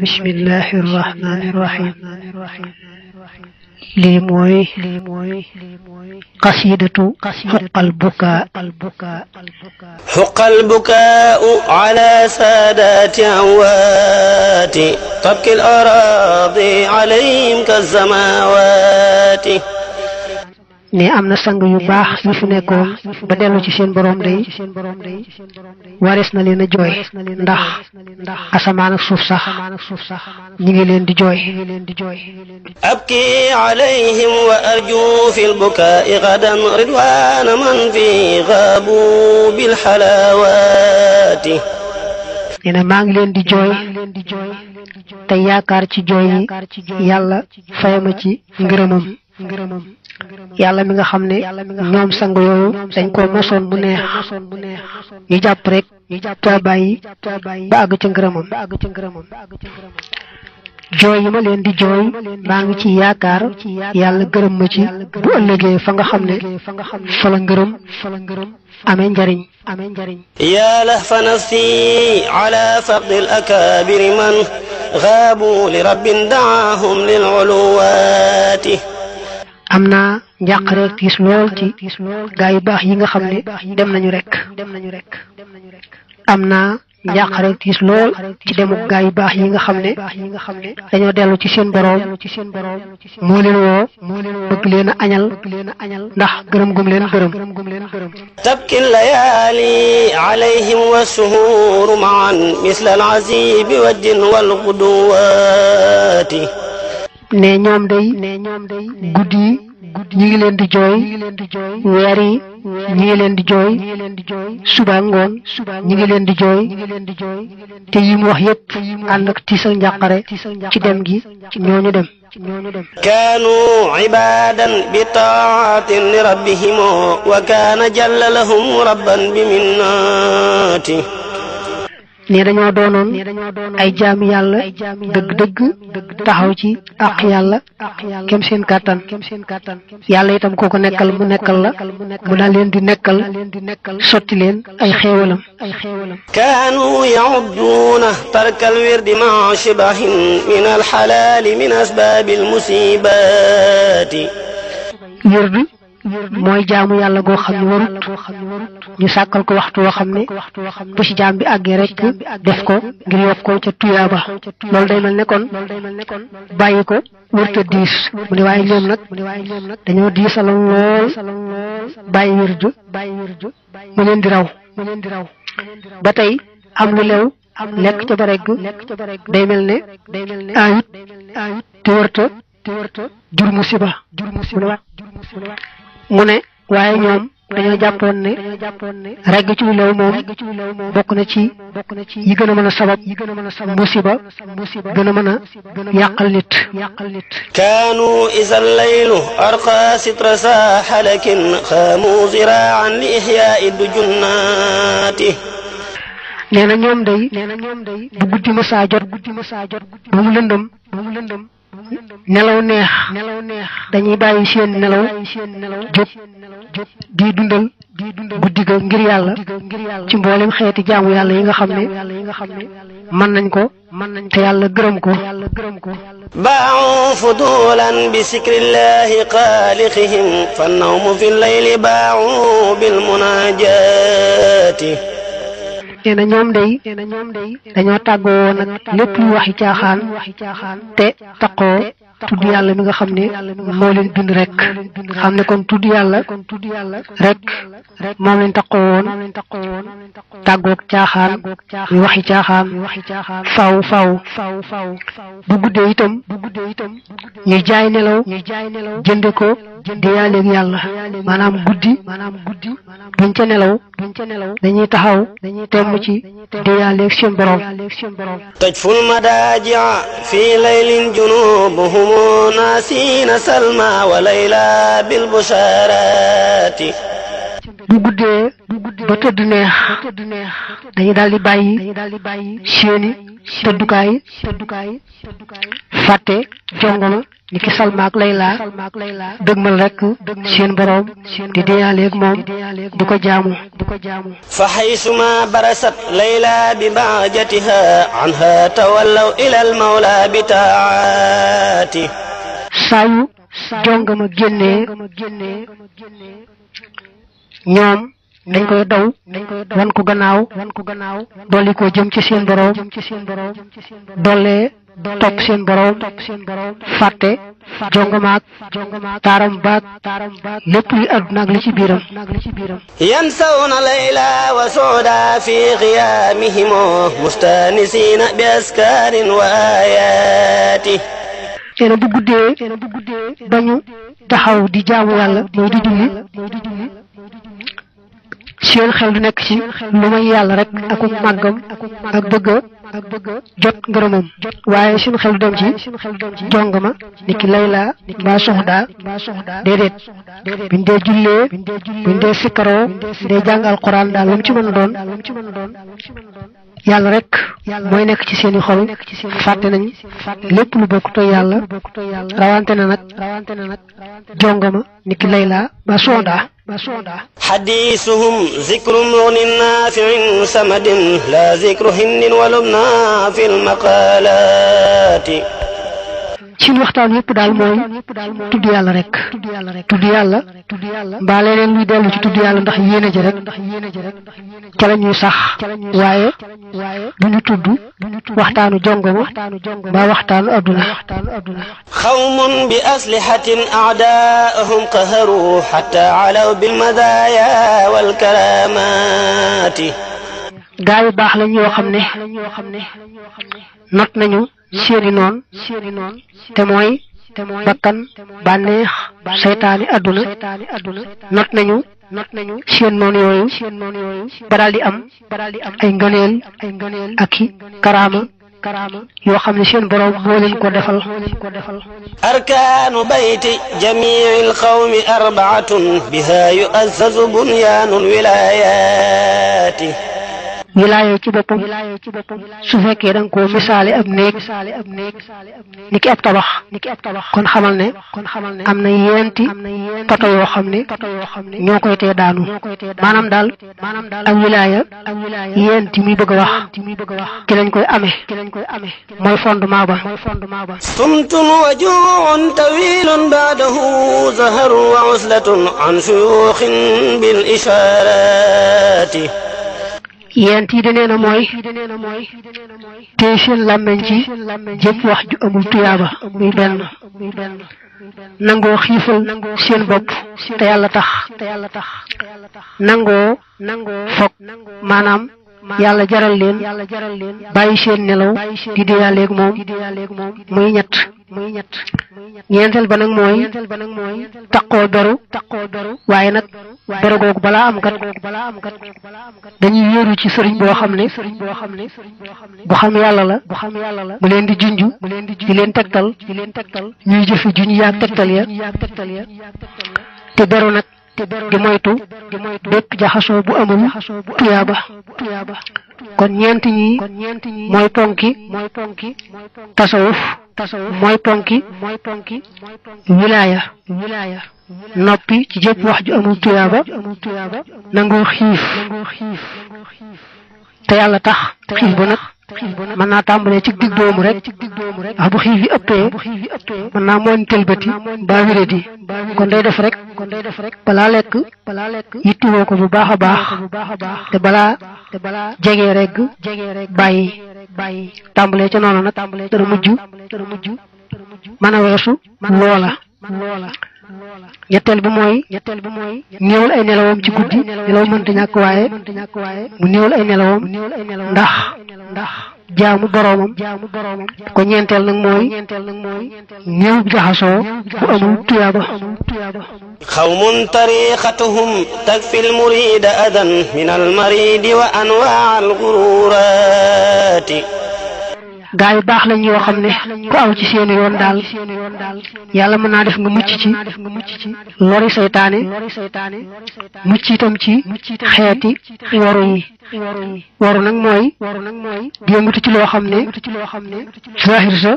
bismillahi irrahmani irrahim lii mooy qasidatu xoqal bukaa xoqal bukaau ala saadaati amwaati tabki al araadi alayhim kazamawaati ne am na sang yu baax yu fi nekkoon ba dellu ci seen borom day warees na leen a jooy ndax asamaan ak suuf sax ñi ngi leen di jooy abki alayhim wa arju fi lbukaai gadan ridwana man fi gaabu bil xalawaati nee na maa ngi leen di jooy te yaakaar ci jooy yi yàlla fayama ci ngërëmam yàlla mi nga xam ne ñoom sang yooyu dañ ko mosoon bu neex ñu jàpp rek too bàyyi ba gu ci ngërëmam jooy yi ma leen di jooy maa ngi ci yaakaar yàlla gërëm ma ci bu ëllëgee fa nga xam ne fa la ngërëm amee njariñ yaa lahfa nafsi ala faqdi al akaabiri man xaabu li rabbin daahum lil uluwaati am na njàqare ak tiis lool ci gaa yu baax yi nga xam ne dem nañu rek am naa njàqare tiis lool ci demuk gaa yu baax yi nga xam ne dañoo dellu ci seen boroom moo leen woo bëgg leen a añal ndax gërëm gum leen bërëm tabki layaali alayhim wa suhuuru maan misla al azibi wa din wal guduwaati ne ñoom day guddi guddi ñi ngi leen di jooy weer yi ñi ngi leen di jooy suba ngoon ñi ngi leen di jooy te yi mu wax yépp ànd ak tiis ak njàqare ci dem gi ñooñu dem kaanu ibaadan bi taatin li rabbihim wa kaana jalla lahum rabban bi minnaati ne dañoo doonoon ay jaam yàlla dëgg-dëgg taxaw ci àq yàlla kem seen kattan kem seen kàttan yàlla itam koo ko nekkal mu nekkal la mu daal leen di nekkal sotti leen ay xéewalam kaanu yaudduuna tarkal wirdi maa shibahin min alxalaali min asbaabi almusibaati wirdi mooy jaamu yàlla goo xam ne warut ñu sàkkal ko waxtu woo xam ne bu ci jaam bi àggee rek def ko ngir yokk ko ca tuyaaba loolu day mel ne kon bàyyi ko wërta diis mu ne waaye ñoom nag dañoo diisaloon lool bàyyi wirdu mu leen di raw ba tey am lu lew lekk ca ba regg day mel ne ayut te wërta jur musiba mu ne waaye ñoom dañoo jàppoon ne regg ci wilaw moom bokk na ci na yi gën a mën a sabab musiba gën a mën a yàqal nit kaanu isa llaylu arqa sitra saa xalakin xaamu ziraan li ixyaai dujunnaati nee na ñoom day bu guddi ma saa jot bu mu lëndëm nelaw neex nelaw neex dañuy bàyyi seen nelaw jóg jóg di dundal di dundal guddi ga ngir yàlla ci mboolem xeeti jaamu yàlla yi nga xam ne man nañ ko mën nañ te yàlla gërëm ko baaxu fudulan bi sikrillahi xaalixihim fa nawmu fi llayli baaxu bil munajaati nee na ñoom day dañoo tàggoo woon ak lépp lu waxi caaxaan te taqoo tudd yàlla mi nga xam ne moo leen bind rek xam ne kon tudd yàlla rek moom lañ taxoo woon tàggoog caaxaan yu waxi caaxaan faw faw bu guddee itam ñu jaay nelaw jënde ko diyaaleeg yàlla maanaam guddi duñ ca nelaw dañuy taxaw temm ci diyaaleeg seen borom. tajful madaaji fi laylin junubuhum يوم ناسين سلمى وليلى بالبشارات bu guddee ba tëdd neex dañu daal di bàyyi seeni tëddukaay fàtte jongoma ni ki Salma ak Layla dëgmal rek seen boroom di diyaaleeg moom di ko jaamu. fa xaysuma barasat Layla bi baajatiha anha tawallaw ilal mawla bi taati. saa yu jongama génnee ñoom. dañ koy daw wan ko gannaaw dolli ko jëm ci seen boroom dolle. topp seen boroom fàtte jongomaak taaram baak lépp li àdduna ak li ci biiram yansawna layla wa sooda fi xiyaamihim mustanisiina bi askaarin wa ayaati nee na bu guddee ba ñu taxaw di jaamu yàlla mooy di julli seen xel du nekk ci lu may yàlla rek ak ak màggam ak bëgg ak bëgg jot ngërëmam waaye suñu xel du dem ci jongama ni ki layla mbaa soxda déedéet buñ dee jullee buñ dee sikkaroo buñ dee jàng alquran daal lu mu ci mën a doon yàlla rek mooy nekk ci seen seeni xol fàtte nañ lépp lu bokk toy yàlla rawante na nag jongama niki layla ba sonda xadiisuhum zikru mugnin naafiin samadin la zikru himnin walum naafil maqalaati ci waxtaan yëpp daal mooy tudd yàlla rek tudd yàlla mbaa leneen luy dellu ci tudd yàlla ndax yéene ji rek ca la ñuy sax waaye du ñu tudd waxtaanu jongoma mbaa waxtaanu adduna xawmun bi aslihatin aadaahum qaharu xatta alaw bil madaaya wal karaamaati gaa baax la ñoo xam ne not nañu seeni noon te mooy bakkan bànneex seytaani àdduna not nañu nañu seen noon yooyu ba daal di am ay ngëneel ak i karaama yoo xam ne seen boroom moo leen ko defal arkaanu bayti jamii alqawmi arbaatun biha yu'azzazu bunyaanu alwilaayaati wilaaya ci boppam su fekkee da nga koo misaale ab néeg ni ki ab tabax kon xamal ne am na yeenti poto yoo xam ne ñoo koy tee daanu maanaam daal ak wilaaya yeenti muy bëgg a wax ki lañ koy amee mooy fondement ba sumtun wa juun tawilun baadahu zahar wa uslatun an shuyuxin yent yi de nee na mooy téye seen làmmeñ ci jëpp wax ju amul tuyaaba muy benn nangoo xiifal seen bopp te yàlla tax yàlla tax nango nangoo fokk maanaam yàlla jaral leen bàyyi seen nelaw di deyaaleeg moom muy ñett muy ñett ñeenteel ba nag mooy taqoo beru waaye nag beru googu balaa am kat dañuy wéeru ci sëriñ boo xam ne bu xam yàlla la mu leen di junj di leen tegtal ñuy jëfe juñ yaa tegtal ya te beru nag di moytu bépp jaxasoo bu amul tuyaaba kon ñeent ñi mooy ponki tasawuf tasawuf mooy ponki mooy ponki wilaaya wilaaya noppi ci jëpp wax ju amul tuyaaba nangoo xiif te yàlla tax xiif ba nag mën naa tàmbalee ci digg doomu rek ndax bu xiif yi ëppee mën naa moon tëlbati baa wéradi kon day def rek balaa lekk yittiwoo ko bu baax a baax te balaa jege rek bàyyi bàyyi tàmbalee ca noonu nag dara mujj dara mujj mën a weesu loola ñetteel bi mooy ñetteel bi mooy néewul ay nelawam ci guddi nelaw mënta ñàkk waaye mu néewul ay nelawam ndax ndax jaamu boroomam ko ñeenteel nag mooy néew jaxasoo bu amul tuyaaba xawmun tariqatuhum takfi almurida adan min almaridi wa anwaa algururaati gaa yu baax lañ yoo xam ne ku aw ci seeni yoon daal yàlla mën naa def nga mucc ci lori seytaane mucc itam ci xeeti waru yi waru nag mooy yëngatu ci loo xam ne zahir sa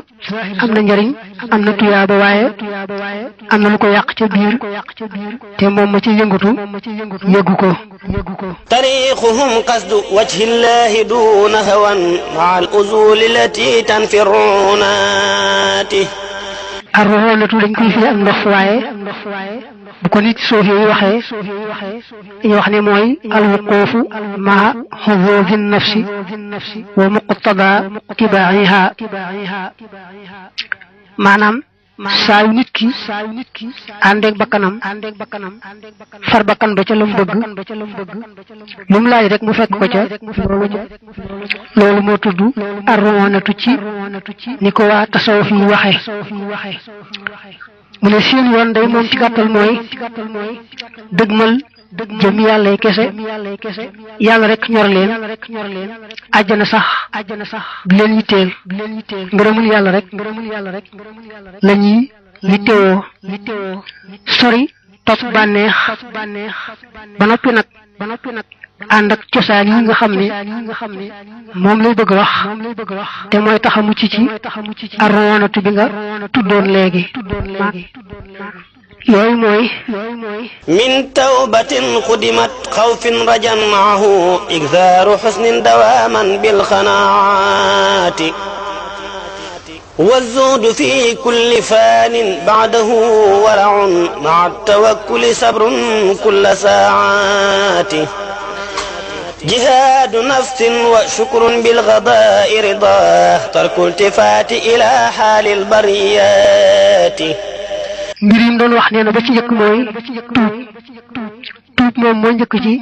am na njariñ am na tuyaaba waaye am na lu ko yàq ca biir te moom ma ci yëngatu yëgu ko tariixuhum qasdu wajhi llahi duna hawan ma al uzulilati shiitan fi ruunaati arroonatu dañ koy firi ak ndox waaye bu ko nit suuf yi waxee dañuy wax ne mooy alwuquufu maa xuduudi nafsi wa muqtada tibaa'iha maanaam saa yu nit ki àndeeg bakkanam far bakkan ba ca la mu bëgg lu mu laaj rek mu fekk ko ca loolu moo tudd arroonatu ci ni ko waa tasawuf yi waxe mu ne seen yoon day moom ci gàttal mooy dëgmal jëm yàlla yi kese yàlla rek ñor leen àjjana sax di leen yitteel ngërëmul yàlla rek la ñuy yittewoo sori topp bànneex ba noppi nag ànd ak cosaan yi nga xam ne moom lay bëgg a wax te mooy tax ci mucc ci arwoonatu bi nga tuddoon léegi. loolu mooy loolu mooy min tawbatin xudimat xawfin rajan maahu igzaaru xusnin dawaaman bilqanaati والزهد في كل فان بعده ورع مع التوكل صبر كل ساعات جهاد نفس وشكر بالغضاء رضا ترك التفات إلى حال البريات mbir yi mu doon wax nee na ba ci njëkk mooy tuub tuub moom moo njëkk ci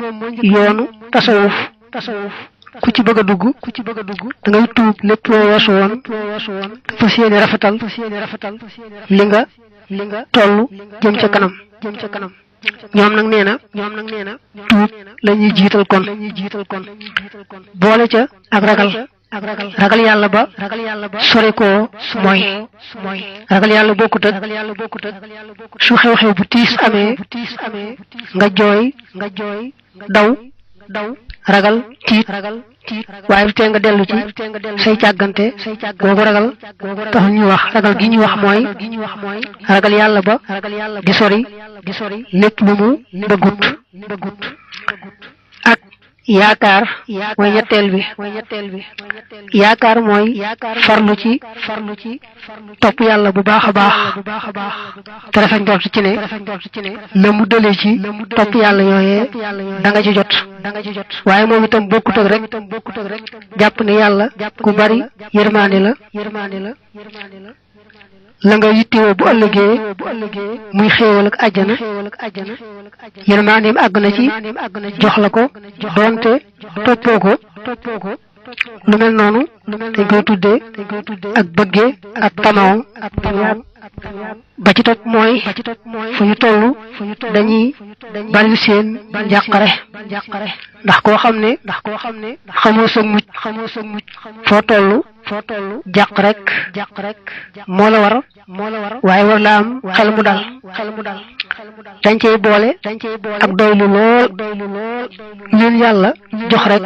yoonu tasawuf tasawuf ku ci bëgg a dugg ku ci bëgg dugg da ngay tuub lépp loo weesu woon fas yéene rafetal li nga li nga toll jëm ca kanam jëm ca kanam ñoom nag nee na ñoom nag nee na tuub la ñuy jiital kon boole ca ak ragal ak ragal ragal yàlla ba ragal yàlla ba sori koo su mooy ragal yàlla bokkut ak ragal yàlla bokkut ak su xew-xew bu tiis amee bu tiis amee nga jooy nga jooy daw daw ragal tiit ragal tiit waaye du tee nga dellu ci say càggante googu ragal tax ñuy wax ragal gi ñuy wax mooy ragal yàlla ba di sori gi sori lépp lu mu bëggut bëggut yaakaar mooy ñetteel bi yaakaar mooy farlu ci farlu ci topp yàlla bu baax a baax te rafet njort ci ne la mu dëlee ci topp yàlla yooyee da nga ci jot waaye moom itam bokkut ak rek jàpp ne yàlla ku bari yërmaande la la nga yittewoo bu ëllëgee muy xéewal ak àjjana yërmandeem àgg na ci jox la ko doonte toppoo ko lu mel noonu dañ koy tuddee ak bëggee ak tamaw ba ci topp mooy fu ñu toll dañuy bari seen njàqare ndax koo xam ne ndax koo xam ne xamoo sa mucc xamoo sa mucc foo toll foo jàq rek jàq rek moo la war moo la war waaye war la am xel mu dal xel mu dal dañ cey boole ak doylu lool ñun yàlla jox rek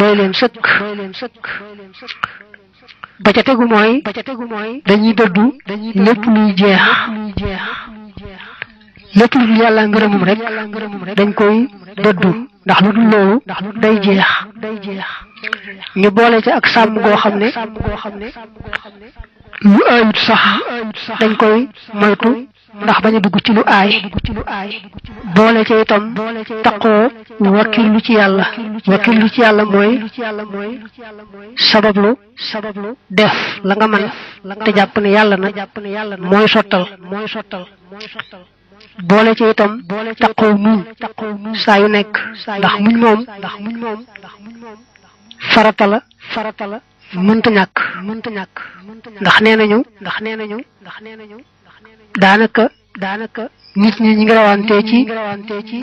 doy leen sëkk ba ca tegu mooy dañuy dëddu lépp luy jeex lépp lu dul yàlla ngërëmum rek dañ koy dëddu ndax lu dul loolu day jeex ñu boole ca ak sàmm goo xam ne lu ayut sax dañ koy moytu ndax bañ a dugg ci lu aay boole ca itam taqoo wakkillu ci yàlla wakkillu ci yàlla mooy sabablu sabablu def la nga man te jàpp ne yàlla nag mooy sottal mooy sottal boole ci itam taqoo muñ saa yu nekk ndax muñ moom ndax muñ moom farata la farata la mënta ñàkk mënta ndax nee nañu ndax nee nañu ndax nee nañu daanaka daanaka nit ñi ñi ngi rawante ci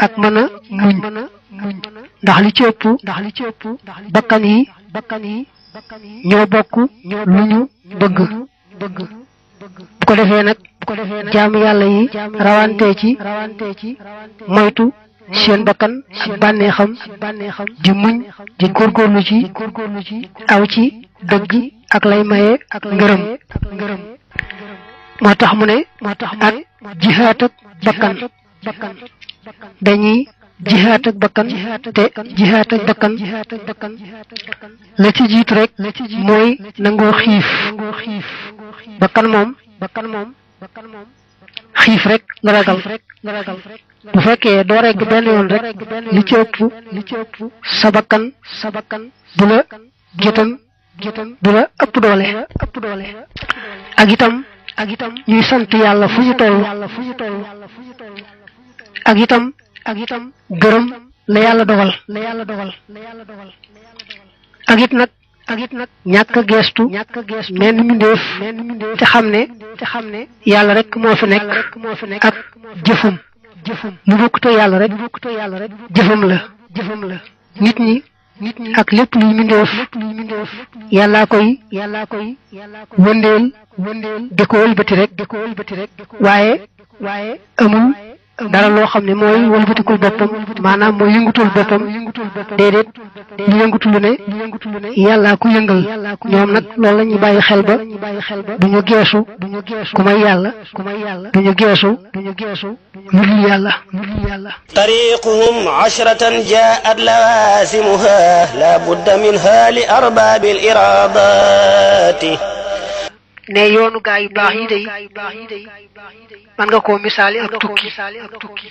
ak mën a muñ ndax li ci ëpp ndax li ci ëpp bakkan yi bakkan yi ñoo bokk lu ñu bëgg bëgg bu ko defee nag bu ko defee nag jaamu yàlla yi rawante ci rawante ci moytu seen bakkan ak bànneexam di muñ di góorgóorlu ci aw ci dëgg ak lay maye ak ngërëm ngërëm moo tax mu ne ak jihaat ak bakkan dañuy jihaat ak bakkan te jihaat ak bakkan la ci jiitu rek mooy nangoo xiif bakkan moom xiif rek la ragal bu fekkee doo regg benn yoon rek li ci ëpp sa bakkan du la gétam du la ëpp doole ak itam ak itam ñuy sant yàlla fu ñu toll ak itam ak itam gërëm la yàlla dogal la yàlla dogal ak it nag ak nag ñàkk a geestu ñàkk a geestu menn mbindéef te xam ne te xam ne yàlla rek moo fi nekk ak jëfum jëfum mu bokkutoo yàlla rek jëfum la jëfum la nit ñi ak lépp luy mindeef yàllaa koy yàllaa koy wëndeel wëndeel di ko wëlbati rek waaye waaye amul dara loo xam ne mooy walbatikul boppam maanaam mooy yëngutul boppam déedéet di yëngutu lu ne yàllaa ku yëngal ñoom nag loolu la ñuy bàyyi xel ba du ñu geesu ku may yàlla du ñu geesu lu dul yàlla tariquhum ashratan jaat lawaasimuha la budda minha li arbaabil iraadaati ne yoonu gaa yu baax yi day man nga koo misaali ak tukki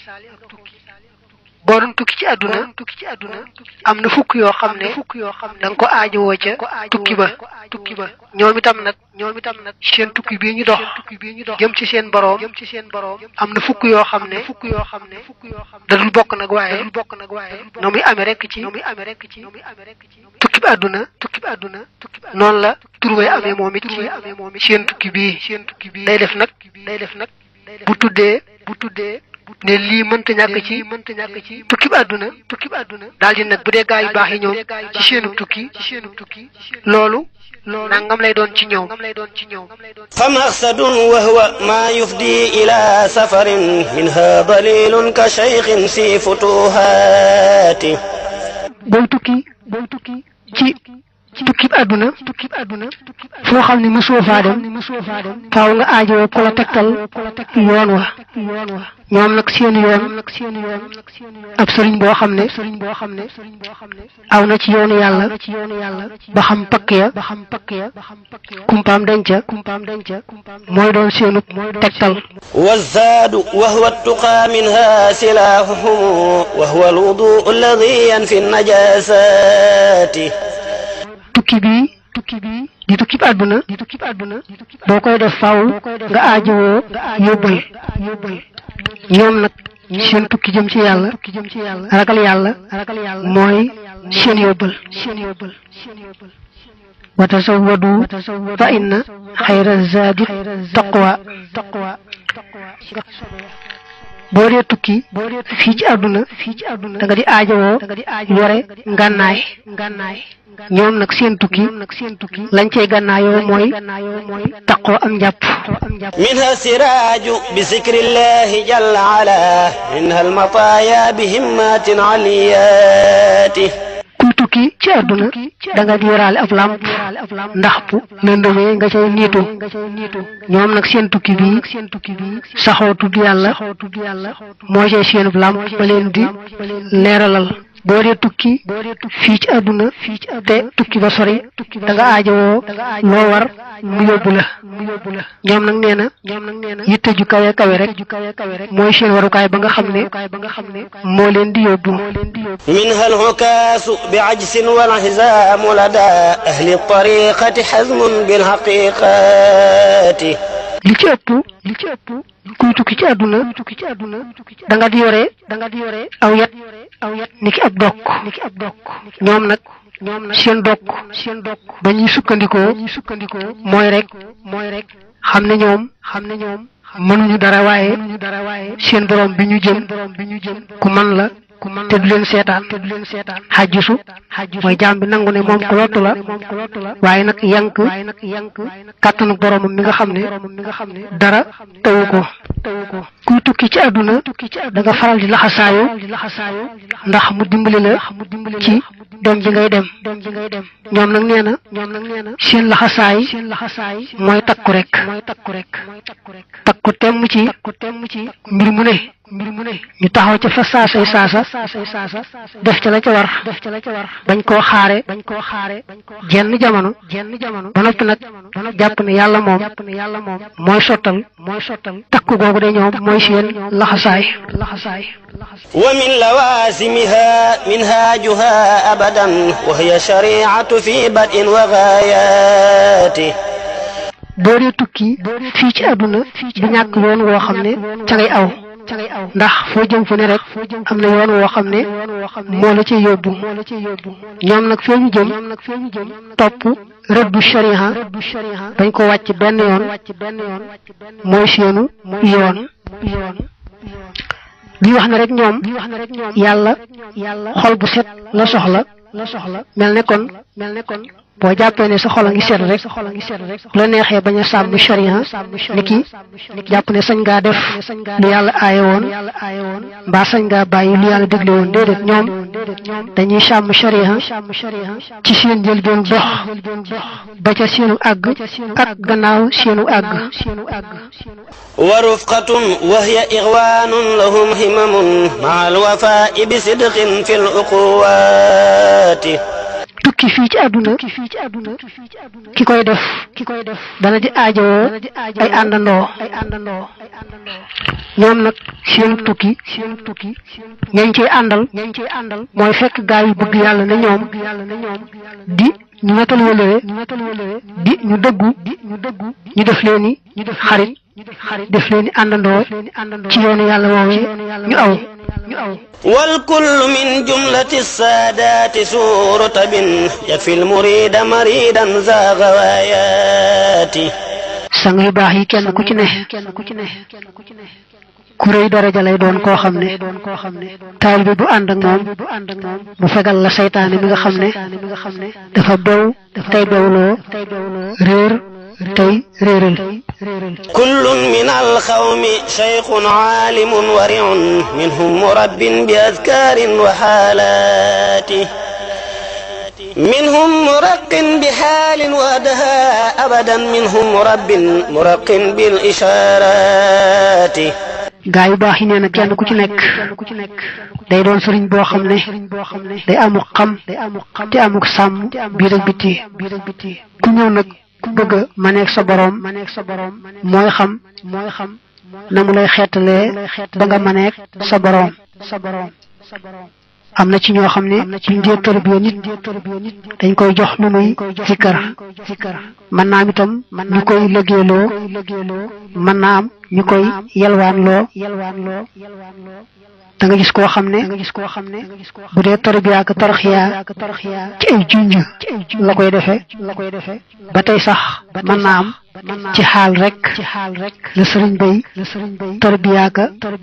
boo doon tukki ci àdduna tukki ci àdduna am na fukk yoo xam ne fukk yoo xam ne da nga ko aajowoo ca tukki ba tukki ba ñoom itam nag ñoom itam nag seen tukki bii ñu dox tukki bii ñu dox jëm ci seen boroom jëm ci seen boroom am na fukk yoo xam ne fukk yoo xam ne fukk yoo xam ne dadul bokk nag waaye dadul bokk nag waaye noo muy amee rekk ci noo muy amee rekk ci noo muy amee rekk ci tukki bi àdduna tukki bi àdduna tukki bi noonu la tur way amee moom it tur way amee moom it seen tukki bii seen tukki bii day def nag day def nag bu tuddee bu tuddee ne lii mënta ñàkk ci mënta ñàkk ci tukki bi àdduna tukki bi àdduna daal di nag bu dee gaa yu baax yi ñoom ci seenu tukki ci seenu tukki loolu nangam lay doon ci ñoom fa maqsadun wa huwa ma yufdi ila safarin minha dalilun ka shaykhin si futuhaati booy tukki booy tukki ci ci tukkib àdduna foo xam ne mësoo faa dem faaw nga aajowoo ku la tegtal yoon wa ñoom nag seen yoon ab sëriñ boo xam ne boo xam ne aw na ci yoonu yàlla ba xam pakk ya kumpaam denca mooy doon seenu tegtal والزاد وهو التقى منها سلاحهم وهو الوضوء الذي ينفي النجاسات tukki bi tukki bi di tukki bi àdduna boo koy def faaw nga aajowoo yóbbal yóbbal ñoom nag seen tukki jëm ci yàlla ragal yàlla mooy seen yóbbal seen yóbbal wa tasawwadu xayra zaadi taqwa boo dee tukki fii ci àdduna da nga di aajowoo yore ngànnaay ñoom nag seen tukki lañ cey gànnaayoo mooy taqoo am njàpp minha siraaju bi zikrillahi jalla ala minha almataaya bi himmatin aliyaati tukki ci àdduna da nga yoraale ab làmp ndax bu lëndëmee nga cay niitu ñoom nag seen tukki bii saxoo tudd yàlla moo cay seenub làmp ba leen di leeralal boo dee tukki fii ci àdduna te tukki ba tukki sori da nga aajowoo loo war mu yóbbu la ñoom nag nee na yitte ju kawe kawe rek mooy seen warukaay ba nga xam ne moo leen di yóbbu minha alxukaasu bi ajsin walxisaamu lada ahli tariqati xasmun bilxaqiqati li ci ëpp ëpp kuy tukki ci àdduna tukki ci adduna da nga di yore da nga di yore aw yat aw yat ni ki ab dokk ni ki ab dokk ñoom nag ñoom nag seen dokk seen dokk ba ñuy sukkandikoo ñuy sukkandikoo mooy rek mooy rek xam ne ñoom xam ne ñoom mënuñu dara waaye mënuñu dara waaye seen borom bi ñu jëm borom bi ñu jëm ku man la te du leen seetaan xajjusu mooy jaam bi nangu ne moom ku lottu la waaye nag yank kàttanu boromam mi nga xam ne dara ko tawu ko. kuy tukki ci àdduna da nga faral di laxasaayu ndax mu dimbali la ci dem ji ngay dem ñoom nag nee na seen laxasaay mooy takku rek takku temm ci mbir mu mu ne ñu taxaw ca fa saasay saasa def ca la ca war bañ koo xaare jenn jamono ba noppi nag jàpp ne yàlla moom mooy sottal takku googu de ñoom mooy mooy seen laxasaay laxasaay wa min lawaasimiha minhaajuha abadan wa hiya shariatu fi badin wa gaayaati boo dee tukki fii ci àdduna du ñàkk yoon woo xam ne ca ngay aw ndax foo jëm fu ne rek am na yoon woo xam ne moo la ci yóbbu ñoom nag fee ñu jëm topp rëddu shariha dañ ko wàcc benn yoon mooy seenu yoon yoon ñuy wax na rek ñoom yàlla xol bu set la soxla la soxla mel ne kon mel ne kon boo jàppee ne sa xol a ngi set rek la neexee bañ a sàmm sharia ni ki jàpp ne sañ ngaa def lu yàlla aaye woon mbaa sañ ngaa bàyyi lu yàlla dégle woon déedéet ñoom dañuy sàmm sharia ci seen njëlbeen dox ba ca seenu àgg ak gannaaw seenu àgg wa rufqatun wa hiya ixwaanun lahum himamun ma alwafaa bi sidqin fi luquwaati tukki fii ci àdduna ki koy def ki koy def dana ji aajowoo ay àndandoo ay àndandoo ñoom nag seen tukki seen tukki ñañ cey àndal ñañ cey àndal mooy fekk gaa yi bëgg yàlla na ñoom di ñu matal wëlëre di ñu dëggu ñu dëggu ñu def leen ni ñu def xarit def leen àndandoo ci yoonu yàlla woowee ñu aw wal kullu min jumlati saadaati suurata bin yakfi l murida maridan za gawayaati sang yu baax yi kenn ku ci ne ku rëy daraja lay doon koo xam ne taalibe bu ànd ak moom mu fegal la seytaane mi nga xam ne dafa bew tey bewloo réer tey réeral kullun min alxawmi cheikhun aalimun wariun minhum murabbin bi azkaarin wa xaalaati منهم مرق بحال ودها أبدا منهم مرب مرق بالإشارات gaa yu baax yi nee na ku ci nekk day doon sëriñ boo xam ne day amu xam te amu sàmm biir ak biti ku ñëw nag bëgg maneeg sa borom maneeg sa borom mooy xam mooy xam na mu lay xeetalee ba nga maneeg sa borom sa borom sa borom am na ci ñoo xam ne ci ñu dee tërbiya nit dañ koy jox lu muy zikkar zikkar mën naa am itam ñu koy lëggeeloo mën naa am ñu koy yelwaanloo da nga gis koo xam ne bu dee tarbiya ak tarxiya ci ay junj la koy defee ba tey sax mën naa am ci xaal rek la sëriñ bay tarbiya ak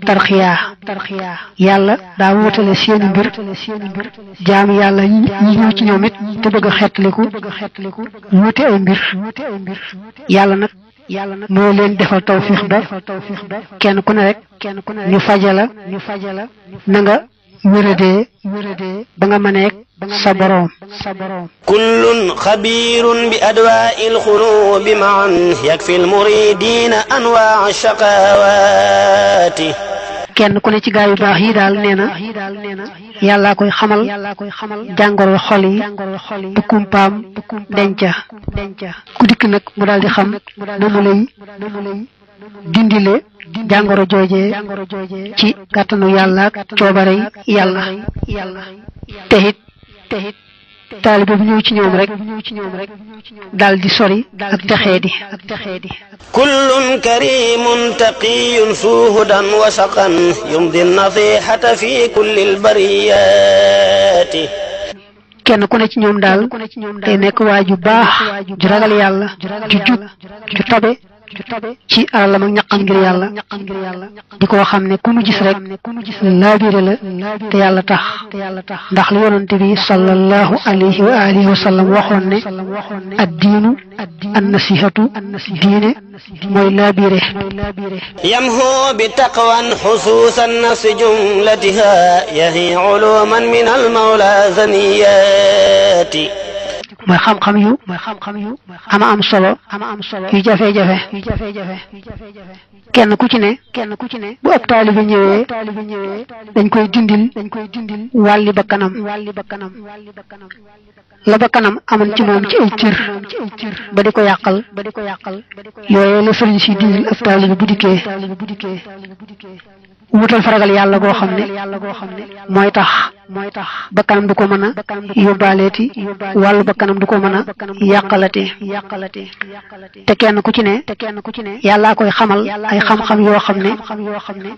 tarxiya yàlla daa wutale seeni mbir jaam yàlla yi ñëw ci ñoom it te bëgg a xeetliku wuute ay mbir yàlla nag yàlla nag moo leen defal tawfiix ba kenn ku ne rek ñu fajala ñu fajala na nga wéradee wéradee ba nga mëneek sa boroom sa boroom kullun xabiirun bi adwaa'i lxunuubi ma'an yakfi lmuridiina anwaa shaqaawaati kenn ku ne ci gaay yu baax yi daal nee na yàllaa koy xamal jàngoro xol yi bu kumpaam denca ku dikk nag mu daal di xam na mu lay dindile jàngoro jooje ci kàttanu yàlla ak coobarey yàlla te it taalibe bu ñëw ci ñoom rek daal di sori ak texee di ak texee di kullun karimun taqiyun suhudan wa saqan yumdi nasihata fi kulli kenn ku nekk ci ñoom daal day nekk waa ju baax ju ragal yàlla ju jub ju tabe di tabe ci alalam ak ñaqam ngir yàlla di koo xam ne ku nu gis rek laabire la te yàlla tax ndax li yonante bi sallallahu alayhi wa alihi wa sallam waxoon ne ad diinu an nasihatu diine mooy laabire yamhu bi taqwan xusuusan nafs jumlatiha yahi uluman min al mawla zaniyati mooy xam-xam yu mooy xam-xam yu ama am solo ama am solo yu jafe-jafe yu jafe-jafe kenn ku ci kenn ku ci ne bu ab taalibe ñëwee taalibe ñëwee dañ koy dindil dañ koy dindil wàlli bakkanam wàlli bakkanam la bakkanam amoon ci moom ci ay cër ba di ko yàqal ba di ko yàqal yooyee la sëriñ si dindil ab taalibe bu dikkee wutal faragal yàlla goo xam ne mooy tax mooy tax bakkanam du ko mën a yóbbaaleeti wàllu bakkanam du ko mën a yàqalati yàqalati te kenn ku ci ne te kenn ku ci ne yàllaa koy xamal ay xam-xam yoo xam ne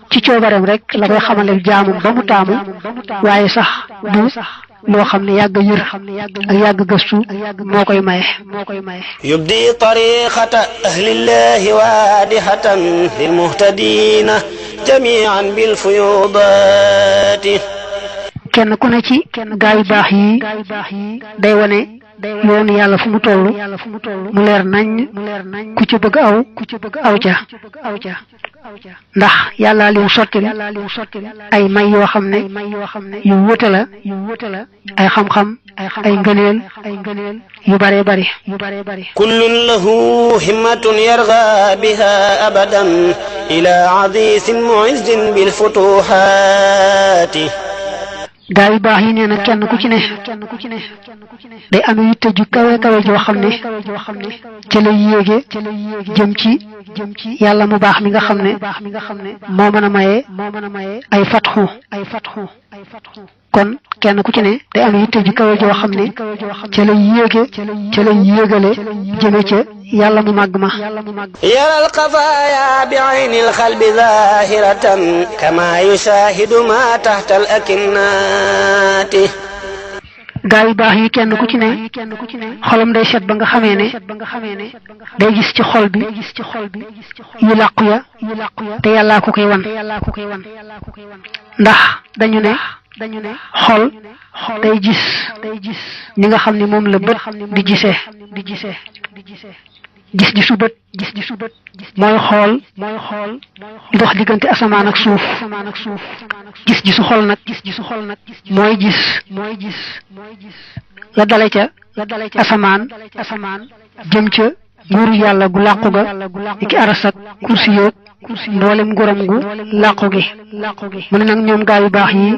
ci coobareem rek la koy xamale jaamu ba mu taamu waaye sax du loo xam ne yàgg yër ak yàgg gëstu moo koy maye moo koy maye yubdi tariqata ahlillahi waadihatan lilmuhtadina jamian bil fuyudati kenn ku ne ci gaa yu baax yi day wane yoonu yàlla fu mu toll mu leer nañ ku ci bëgg aw ku ci bëgg aw ca aw ca ndax yàllaa leen sotti ay may yoo xam ne yu wuute la ay xam-xam ay ngëneel yu bare bari kullun lahu himmatun yarga biha abadan ila azizin mu'izzin bil futuhati gaa yu baax yi nee na kenn ku ci ne day am yitte ju kawe kawe joo xam ne ca lay yéege jëm ci yàlla moo baax mi nga xam ne moo mën a maye ay ay ay fatxu kon kenn ku ci ne day am yitte ju kawe joo xam ne ca la yéege ca yéegale jëme ca yàlla mu màgg ma yaral xafaaya bi aynil xalbi zahiratan kama yushahidu ma taxta al akinnaati baax yi kenn ku ci ne xolam day set ba nga xamee ne day gis ci xol bi yu làqu ya te yàllaa ko koy wan ndax dañu ne xol day gis tey gis ñi nga xam ne moom la bët di gisee di gisee di gisee gis bët gis gisu bët mooy xool mooy xool dox diggante asamaan ak suuf asamaan ak suuf gis xol nag gis gisu xol nag mooy gis mooy gis mooy gis la dale ca la dale ca asamaan asamaan jëm ca nguuru yàlla gu làqu ga iki arasak kursi yoog mboolem nguram gu làqu gi mu ne nag ñoom gaa yu baax yi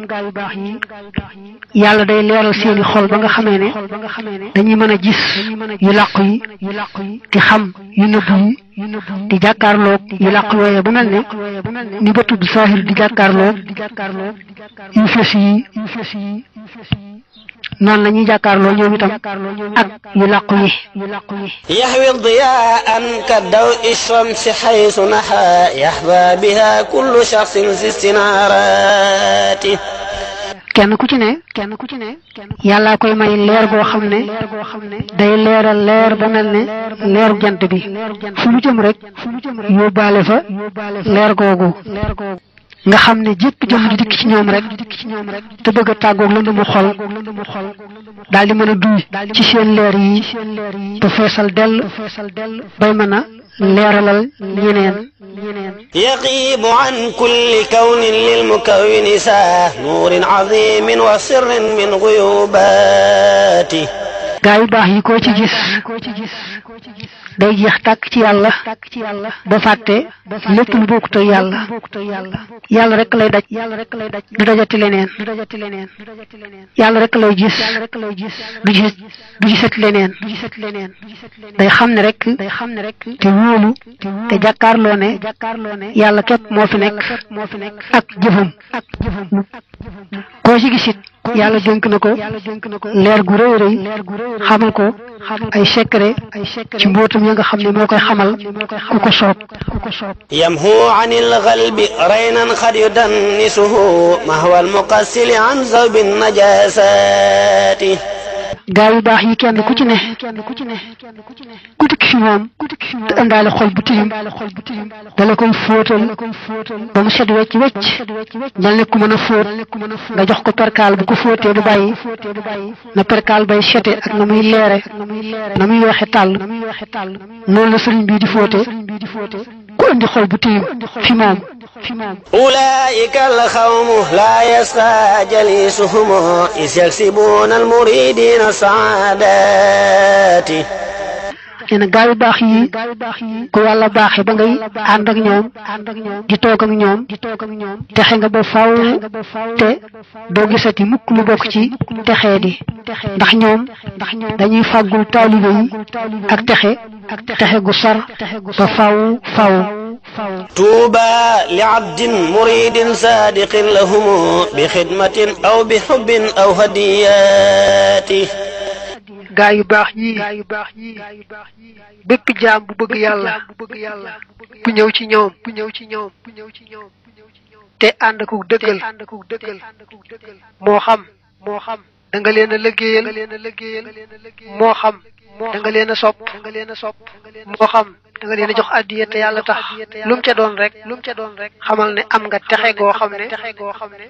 yàlla day leeral seeni xol ba nga xamee ne dañuy mën a gis yu làqu yi di xam yu nëbb yi di jàkkaarloog yu làqu yooyee bu mel ne ni bëtu bu saahir di jàkkaarloog yu fës yi noonu la ñuy jàkkaarloo ñoom itam ak yu làqu yi yaxwi diyaan ka daw ishamsi xaysu naxa yaxba biha kullu shaxsin si sinaaraati kenn ku ci ne kenn ku ci ne yàllaa koy may leer goo xam ne day leeral leer ba mel ne leeru jant bi fu mu jëm rek yóbbaale fa leer googu nga xam ne jépp jëm di dikk ci ñoom rek te bëgg a tàggoog la mu xol daal di mën a duy ci seen leer yi te feesal dell bay mën a leeralal ñeneen yaqibu an kulli kawnin lil mukawwini saa nuurin azimin wa sirrin min guyubaati gaa yu baax yi koo ci gis day jeex tàkk ci yàlla ba fàtte lépp lu bokkut ak yàlla yàlla rek lay daj du dajati leneen yàlla rek lay gis du gis du gisati leneen day xam ne rek te wóolu te jàkkaarloo ne yàlla képp moo fi nekk ak jëfam koo ci gisit yàlla dénk na ko leer gu rëy rëy xamal ko ay secret ci mbootum ya nga xam ne moo koy xamal ku ko soob yamhu anil qalbi raynan qad yudannisuhu mahwa al muqassili an zawbin najasati gaa yu baax yi kenn ku ci ne ku tukki fi moom te indaale xol bu tilim dala koy fóotal ba mu set wecc wecc dal ne ku mën a fóot nga jox ko perkaal bu ko fóotee du bàyyi na perkaal bay sete ak na muy leere na muy weexe tàll noonu la sëriñ bii di fóote ku indi xol bu tiim fi moom أولئك القوم لا يسقى جليسهم إذ يكسبون المريدين سعادات nee na gaa yu baax yi ku yàlla baaxee ba ngay ànd ak ñoom di toog ak ñoom texe nga ba faaw te doo gisati mukk lu bokk ci texee di ndax ñoom dañuy fàggul taalibe yi ak texe ak texe gu sar ba faaw faaw. tuuba li abdin muridin saadiqin lahumu bi xidmatin aw bi xubbin aw hadiyaati gaa yu baax ñii gaa yu baax ñii bépp jaam bu bëgg yàlla bu bëgg yàlla bu ñëw ci ñoom bu ñëw ci ñoom bu ñëw ci ñoom te ànd ko dëggal ànd ko dëggal moo xam moo xam da nga leen a liggéeyal moo xam da nga leen a sopp moo xam da nga leen a jox addiya te yàlla tax lu mu ca doon rek lu mu ca doon rek xamal ne am nga texe goo xam ne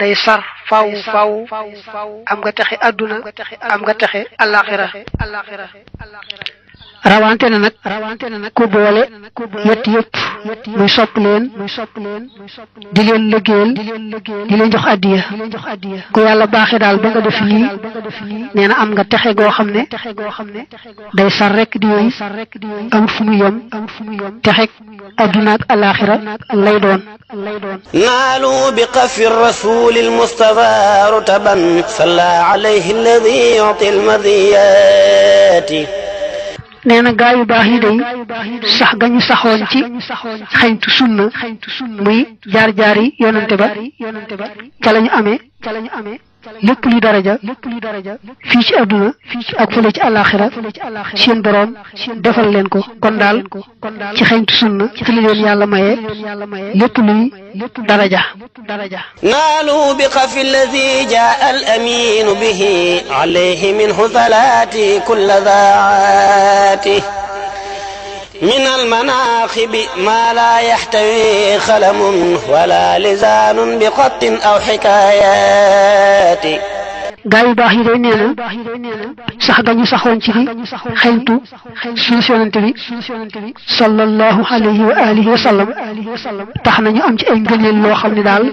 day sar faw faw am nga texe adduna am nga texe alaxira rawante na nag rawante na nag ku boole yett yëpp muy sopp leen muy sopp leen di leen lëggéeyal di leen lëggéeyal di leen jox addiya di leen jox addiya ku yàlla baaxee daal ba nga def lii nee na am nga texe goo xam ne texe goo xam ne day sar rek di yooyu sar rek di yooyu amut fu mu yem amut fu mu yem texeg adduna ak alaxira lay doon lay doon naalu bi qafi rasuli almustafa rutaban salla alayhi alladi yuti almadiyati nee na gaa yu baax yi day sax ga ñu saxoon ci xañtu sunna muy jaar jaar yi yonante ba ca la ñu amee lépp luy daraja fii ci àdduna ak fële ci àllaaxira seen boroom defal leen ko kon daal ci xeeñtu sunna ci li leen yàlla maye lépp luy daraja naalu bi xafi alladi jaa al aminu bihi alayhi minhu salaati kulla daati من المناخب ما لا يحتوي خلم ولا لزان بخط أو حكايات gaa yu baax yi day nee na sax ga ñu saxoon ci di xeeñtu suuf yonante bi sallallahu alayhi wa alihi wa sallam tax nañu am ci ay ngëneel loo xam ne daal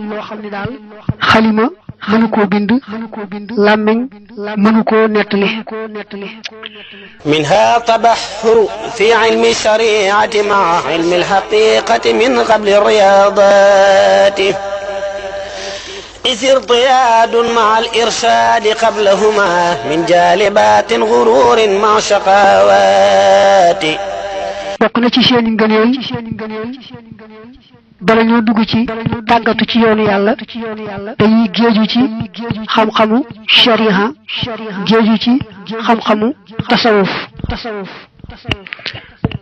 xalima mënu koo bind làmmiñ mënu koo nettali منها تبحر في علم الشريعة مع علم الحقيقة من قبل الرياضات isir diyaadun ma al irsaadi qablahuma min jaalibaatin guruurin ma shaqaawaati bokk na ci seeni ngëneel bala ñoo dugg ci tàggatu ci yoonu yàlla dañuy géeju ci xam-xamu shariha géeju ci xam-xamu tasawuf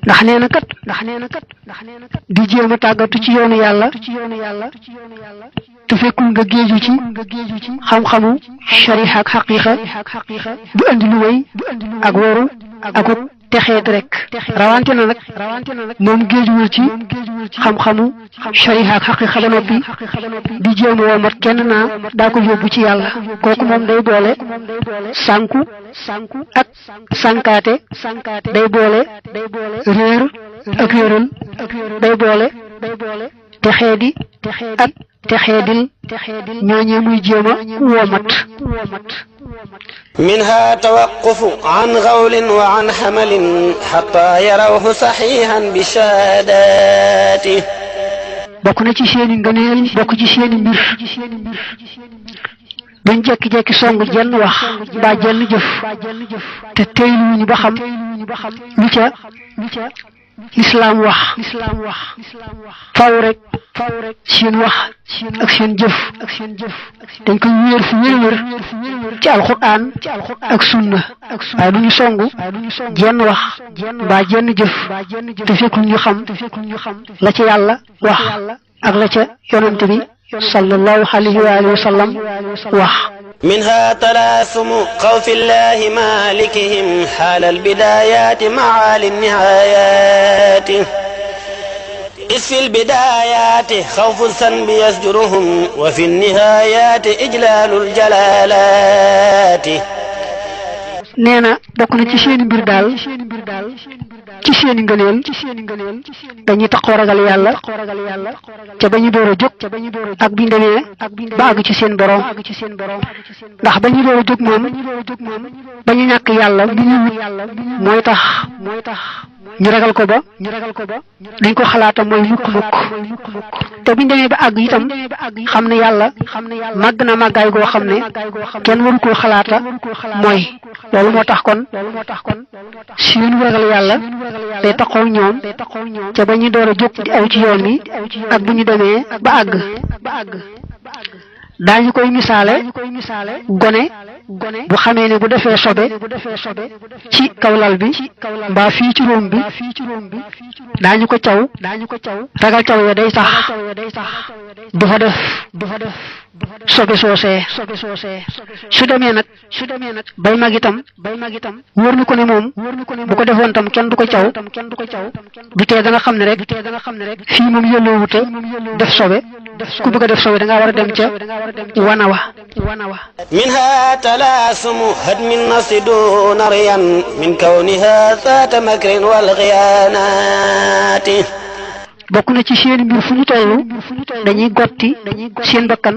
ndax nee na kat ndax nee na kat ndax nee na kat di jéem a tàggatu ci yoonu yàlla ci yoonu yàlla ci yoonu yàlla te fekkul nga géeju ci nga géeju ci xam-xamu shariha ak xaqiqa bu andi lu wéy ak wóoru akut texeet rek rawante na nag moom géej wul ci xam-xamu shariha ak xaqiqa ba noppi di jéem woo mat kenn naa daa ko yóbbu ci yàlla kooku moom day boole sànku ak sànkaate day boole réer ak réeral day boole texeedi ak texeedil ñooñee muy jéem a woo mat منها توقف عن غول وعن حمل حتى يروه صحيحا بشهاداته bokk na ci seeni ngëneel bokk ci seeni mbir duñ jekki-jekki song jenn wax mbaa jenn jëf te teyluñu ba xam lu ca lislaam wax lislaam wax faw rek faw rek seen wax ak seen jëf ak seen jëf dañ koy wéer fu wér wér ci alxuraan ak sunna waaye du ñu songu jenn wax mbaa jenn jëf te fekkul ñu xam la ca yàlla wax ak la ca yonante bi sallallahu alayhi wa sallam wax منها تلاثم خوف الله مالكهم حال البدايات مع النهايات إذ في البدايات خوف الذنب يزجرهم وفي النهايات إجلال الجلالات nee na bokk na ci seen mbir daal ci seeni ngëneel dañuy taxaw ragal yàlla ca ba ñu door a jóg ak bi demee ba àgg ci seen borom ndax ba ñu door a jóg moom ba ñu ñàkk yàlla li ñu wut mooy tax ñu ragal ko ba dañ ko xalaata mooy lukk lukk te bi ñu demee ba àgg itam xam ne yàlla màgg na màggaay goo xam ne kenn waru koo xalaata mooy loolu moo tax kon si ñu ragal yàlla te taxaw ñoom ca ba ñu door a jóg di aw ci yoon wi ak bu ñu demee ba àgg àgg daañu koy misaale gone gone bu xamee ne bu defee sobe ci kawlal bi mbaa fii ci róom bi daañu ko caw ragal caw ya day sax du fa def sobe soosee su demee nag su demee nag bay mag itam bay mag itam wóor na ko ne moom wóor na ko ne bu ko defoon tam kenn du ko caw kenn du ko caw du tee dana xam ne rek du tee dana xam ne rek fii moom yëlloowute def sobe ku bëgg a def sobe da ngaa war a dem ca wana wa wana wa minha talaasumu hadmin nafsi duna riyan min kawniha fata makrin wal xiyaanaati bokk na ci seen mbir fu ñu toll dañuy gotti seen bakkan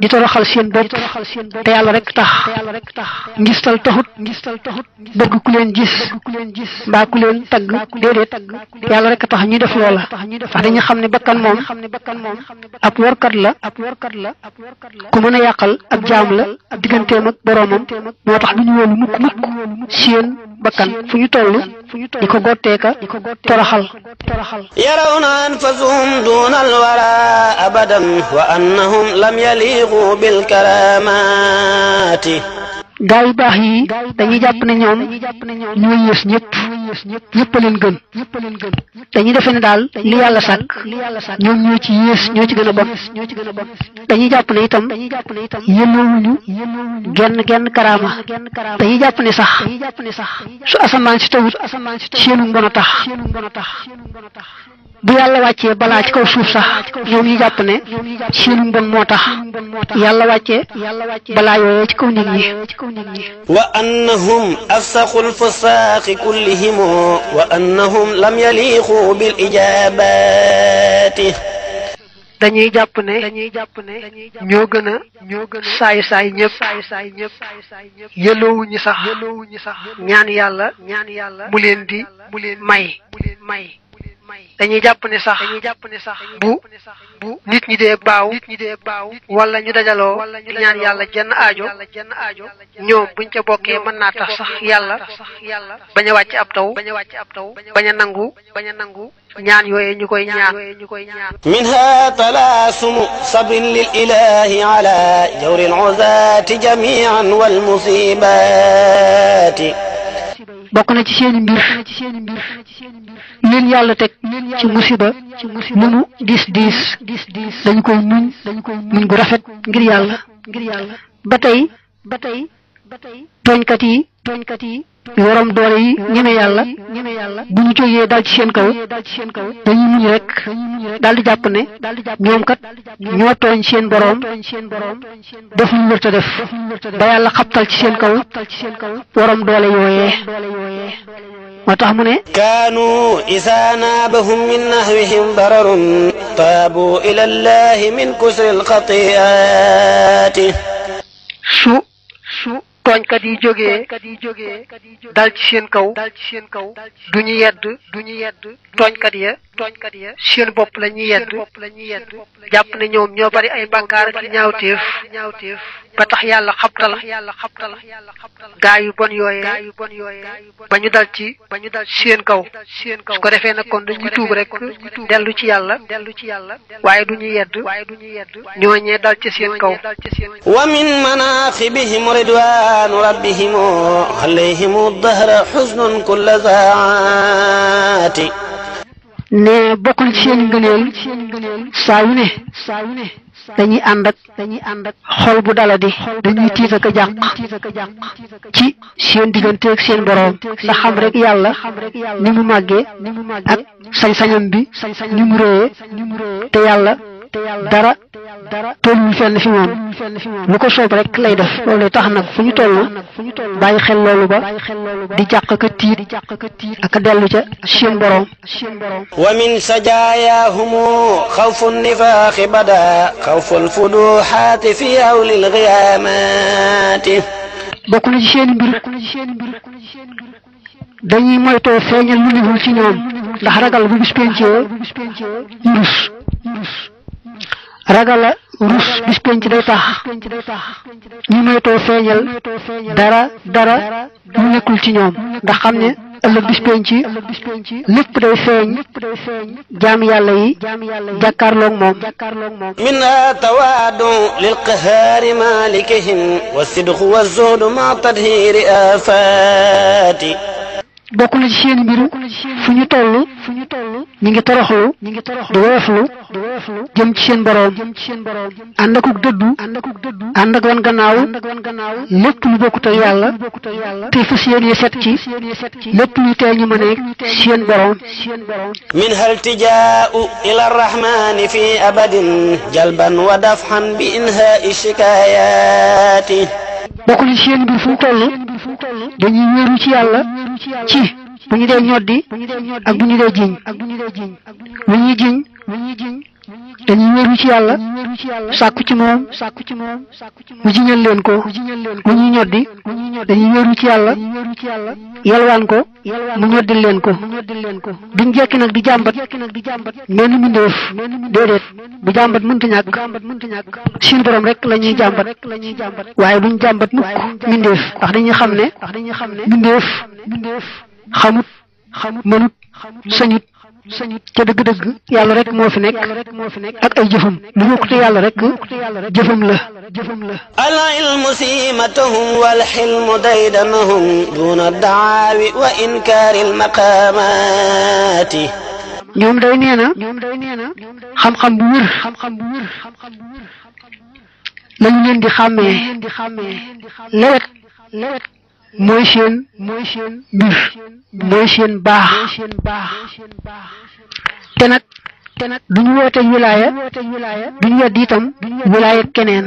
di toroxal seen bopp te yàlla rek tax ngistal taxut bëgg ku leen gis mbaa ku leen tagg déedéet yàlla rek tax ñu def loola ndax dañu xam ne bakkan moom ab warkat la ku mën a yàqal ab jaam la digganteem ak boroomam moo tax du ñu wóolu mukk mukk seen bakkan fu ñu fu ñu toll di ko gotteeka toroxal هم أنفسهم دون الورى أبدا وأنهم لم يليقوا بالكرامات gaay yu baax yi dañuy jàpp ne ñoom ñoo yées ñëpp ñëpp a leen gën dañuy defe ne daal li yàlla sàkk ñoom ñoo ci yées ñoo ci gën a bon dañuy jàpp ne itam yemewuñu genn genn karaama dañuy jàpp ne sax su asamaan si tawut seenu mbon a tax bu yàlla wàccee balaa ci kaw suuf sax ñoo ngi jàpp ne seen mbon moo tax yàlla wàccee balaa yooyee ci kaw nit ñi wa annahum afsaqu lfusaaqi kullihim wa annahum lam yaliqu bil ijaabati dañuy jàpp ne dañuy jàpp ne ñoo gën a ñoo gën a saay saay ñëpp saay saay ñëpp yëloowu ñu sax yëloowu sax ñaan yàlla ñaan yàlla mu leen di leen may mu leen may dañuy jàpp ne sax dañuy jàpp sax bu bu nit ñi dee baaw nit ñi dee baaw wala ñu dajaloo di ñaan yàlla jenn aajo ñoom buñ ca bokkee man naa tax sax yàlla bañ a wàcc ab taw bañ a ab taw bañ a nangu bañ a nangu ñaan yooye ñu koy ñaan minha talaasumu sabrin lil ilahi ala jawril uzaati jamian wal musibaati bokk na ci seeni mbir leen yàlla teg ci musiba lu mu diis diis dañu koy muñ muñ gu rafet ngir yàlla ba tey tooñkat yi waram doole yi ñeme yàlla bu ñu jógee dal ci seen kaw dañuy muñ rek daal di jàpp ne ñoom kat ñoo tooñ seen boroom def lu wërta def ba yàlla xabtal ci seen kaw waram doole yooyee moo tax mu ne kaanu isa naabahum min nahwihim dararun taabu ila allahi min kusri alxatiaati tooñkat yi jóge jógee dal ci seen kaw du ñu yedd du ñu yedd tooñkat ya tooñkat ya seen bopp la ñuy yedd jàpp ne ñoom ñoo bari ay bàkkaar ak ñaawteef ba tax yàlla xabtala gaa yu bon yooyee ba ñu dal ci seen kaw su ko defee nag kon dañuy tuub rek dellu ci yàlla waaye du ñu yedd ñooñee dal ci seen kaw wa min manaqibihim ridwanu rabbihim alayhim dahra xusnun ko zaati ne bokkul ci seen ngëneel saa yu ne dañuy ànd ak dañuy ànd ak xol bu daladi dañuy tiit ak a jàq ci seen diggante ak seen boroom ndax xam rek yàlla ni mu màggee mu ak sañ-sañam bi ni mu réyee te yàlla dara tolluñu fenn fi moom lu ko soob rek lay def loolu tax nag fu ñu toll bàyyi xel loolu ba di jàq ka tiit ak a dellu ca seen borom wa min sajaayahumu xawfu nifaaxi bada xawfu alfuduxaati fi awli alxiyaamaati bokk na ci seen mbir dañuy moytoo feeñal lu niwul ci ñoom ndax ragal bu bis pencee urus ragala rus bis ci day tax ñu moytoo feeñal dara dara mu nekkul ci ñoom ndax xam ne ëllëg bis penc lépp day feeñ jaam yàlla yi jàkkaarloog moom minha tawaadu lil qahaari malikihim wa sidqu wa zuhdu ma tadhiri afaati bokk na ci seen mbir fu ñu toll fu ñu toll ñu ngi toroxlu ñu ngi toroxlu di woyoflu di woyoflu jëm ci seen boroom jëm ci seen boroom ànd akuk dëddu ànd akuk dëddu ànd ak wan gannaaw ànd ak wan gannaaw lépp lu bokkut ak yàlla te fas yéene set ci lépp te tee ñu mënee seen boroom min hal tijaa'u ila rahmani fi abadin jalban wa dafhan bi inhaa'i shikaayati bokk na seen mbir fu mu toll dañuy wéeru ci yàlla ci bu ñu dee ñoddi ak bu ñu dee jiñ lu ñuy jiñ te ñi wéeru ci yàlla sàkku ci moom mu jiñal leen ko mu ñuy ñoddi dañuy wéeru ci yàlla yalwaan ko mu ñoddil leen ko duñ jekki nag di jàmbat menn mbindéef déedéet bu jàmbat mënta ñàkk suñu borom rek la ñuy jàmbat waaye buñ jàmbat mukk mbindéef wax dañuy xam ne mbindéef xamut mënut sañut te dëgg-dëgg yàlla rek moo fi nekk ak ay jëfam lu bokkut yàlla rek jëfam la jëfam la al ilmu simatuhum wal xilmu daydanuhum duna daawi wa inkaari al maqaamaati ñoom day nee na xam-xam bu wér lañu leen di xàmmee lewet mooy seen mooy seen mbir mooy seen baax te nag te nag duñu woote wilaaya duñu weddi itam wilaaya keneen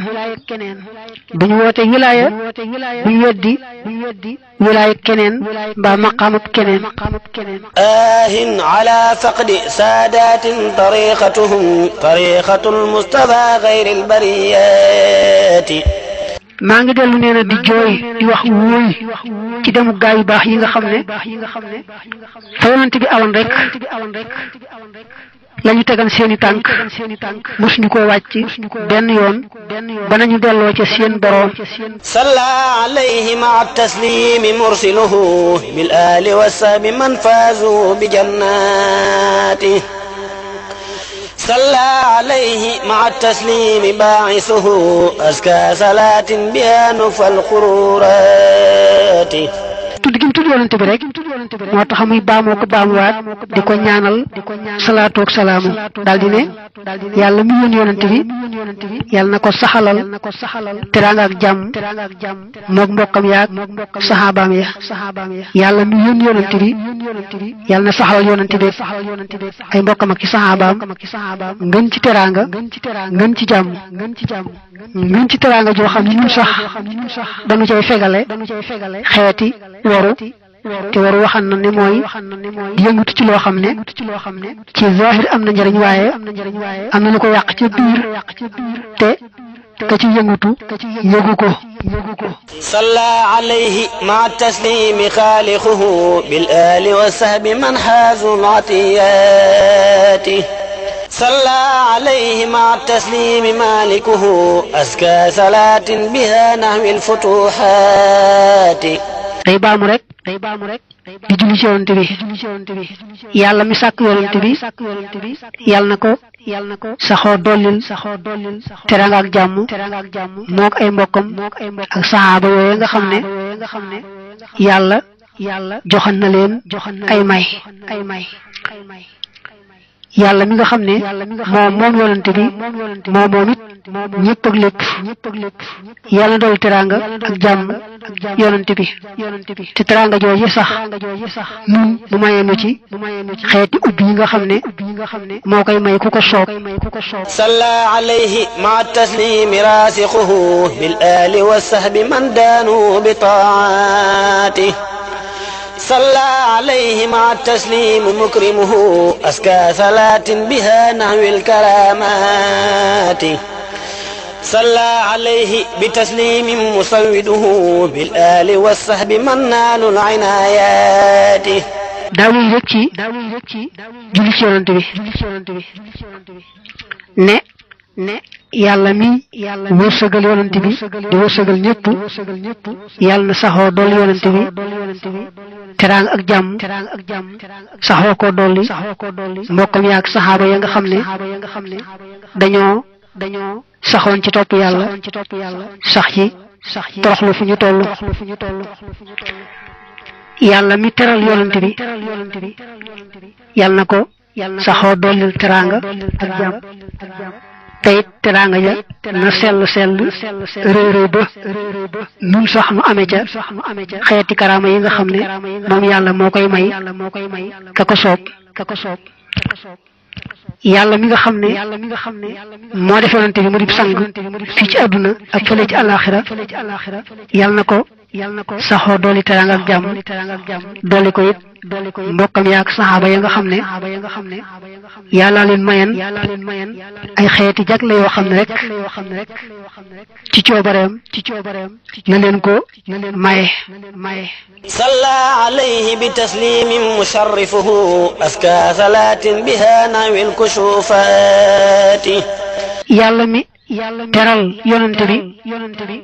duñu woote wilaaya duñu weddi wilaaya keneen mbaa maqaamab keneen aahin ala faqdi saadatin tariqatuhum tariqatu lmustafa gayri lbariyati maa ngi dellu nee na di jooy di wax wóoy ci demu gaa yu baax yi nga xam ne fa yonent bi awoon rek la ñu tegan seen i tànk mosuñu ko wàcc benn yoon ba nañu delloo ca seen boroom salla alayhi ma taslimi mursiluhu bil ali wa sahbi man faazu bi jannati صلى عليه مع التسليم باعثه أزكى صلاة بها نفى القرورات tudd gi mu tudd yonante bi rek moo tax muy baamoo ko baamuwaat di ko ñaanal salaatu ak salaamu daal di ne yàlla mu yoon yonante bi yàlla na ko saxalal teraanga ak jàmm moog mbokkam yaag saxaabaam ya yàlla mu yoon yonante bi yàlla na saxalal yonante bi ay mbokkam ak ci saxaabaam ngën ci teraanga ngën ci jàmm ngën ci teraanga joo xam ni ñun sax dañu cay fegale xeeti waru te waru waxan na ne mooy yëngatu ci loo xam ne ci zahir am na njëriñ waaye am na lu ko yàq ca biir te ka ci yëngatu yëgu ko yëgu ko salla alayhi ma taslimi xaaliquhu bil ali wa sahbi man haazu matiyati صلى عليه مع التسليم مالكه أزكى صلاة بها نهو الفتوحات day baamu rek day baamu rek di julli ci yonent bi yàlla mi sàkk yonent bi yàlla na ko yàlla na ko saxoo dollil saxoo dollil teranga ak jàmm teranga ak jàmm mook ay mbokkam ak saxaaba yooyu nga xam ne nga xam ne yàlla yàlla joxan na leen joxan na ay may ay may yàlla mi nga xam ne moom moom yonante bi moom moom it ñëpp ak lépp yàlla dool teraanga ak jàmm yonante bi te teraanga jooju sax nun mu mayee nu ci xeeti ubbi yi nga xam ne moo koy may ku ko soob salla alayhi ma taslimi rasiquhu bil ali wa sahbi man daanu bi taati صلى عليه مع التسليم مكرمه أزكى صلاة بها نحو الكرامات صلى عليه بتسليم مسوده بالآل والصحب منال العنايات daawuñ rëcc ci daawuñ rëcc ci julli ci bi julli ci yonante bi ne ne yàlla mi yàlla wërsëgal yonante bi di wërsëgal ñëpp yàlla na saxoo dool yonante teraanga ak jàmm saxoo ko dolli mbokkam yaa ak saxaaba ya nga xam ne dañoo dañoo saxoon ci topp yàlla sax ci toroxlu fu ñu toll yàlla mi teral yonent bi yàlla na ko saxoo dollil teraanga ak jàmm tey teraanga ja na sell sell réy réy ba nun sax nu amee ca ca xeeti karaama yi nga xam ne moom yàlla moo koy may ka ko soob ka ko soob yàlla mi nga xam ne yàlla mi nga xam ne moo def yonante bi mu dib sang fii ci àdduna ak fële ci àllaaxira yàlla na ko yàlla na ko saxoo dooli teraanga ak jàmm dooli ko it mbokkam yaak saxaaba ya nga xam ne yàlla leen mayen ay xeeti jagle yoo xam ne rek ci coobareem na leen ko maye maye salla alayhi bi taslimin musharrifuhu aska salaatin biha nawil كشوفاته yàlla mi teral yonent bi